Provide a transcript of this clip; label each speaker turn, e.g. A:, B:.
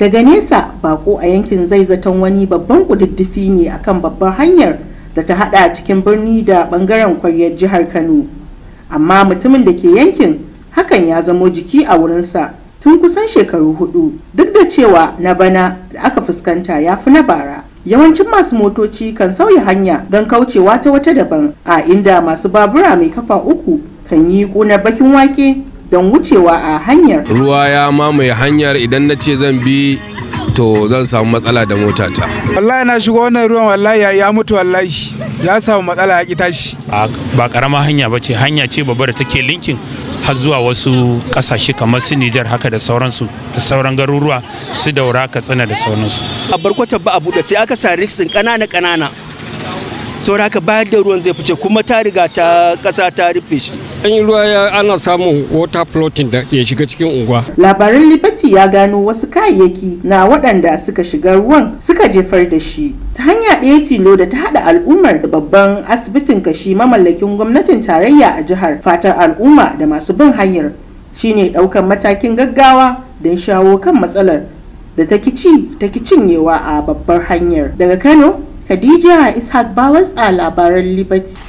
A: daga nesa bako a yankin zai zaton wani babban kududdufi ne akan babbar hanyar da ta hada cikin birni da bangaren kwaryar jihar kano amma mutumin da ke yankin hakan ya zamo jiki a wurinsa tun kusan shekaru hudu duk da cewa na bana da aka fuskanta ya fi na bara yawancin masu motoci kan sauya hanya don kaucewa ta wata daban a inda masu babura mai kafa uku kan yi ƙunar bakin wake don wucewa a hanyar
B: ruwa ya mamaye hanyar idan na ce zan bi to zan samu matsala da motata
C: wallahi na shiga wannan ruwan wallahi ya mutu wallahi ya samu matsala a kita shi
D: ba karama hanya ba ce hanya ce babba da take linkin har zuwa wasu kasashe kamar su Nijar haka da sauransu da sauran garuruwa su daura katsina da sauransu
E: a barkwata ba a buɗe sai aka sa riksin kanana kanana. saboda haka bayar da ruwan zai fice kuma ta riga ta kasa ta rufe shi an ruwa ana samun
A: water floating da ya shiga cikin unguwa labarin liberty ya gano wasu kayayyaki na waɗanda suka shiga ruwan suka jefar da shi ta hanya ɗaya tilo da ta haɗa al'ummar da babban asibitin kashi mamallakin gwamnatin tarayya a jihar fatar al'umma da masu bin hanyar shine ɗaukan matakin gaggawa don shawo kan matsalar da ta kici ta kicinyewa a babbar hanyar daga kano Khadija Ishaq Bawas a labaran Liberty.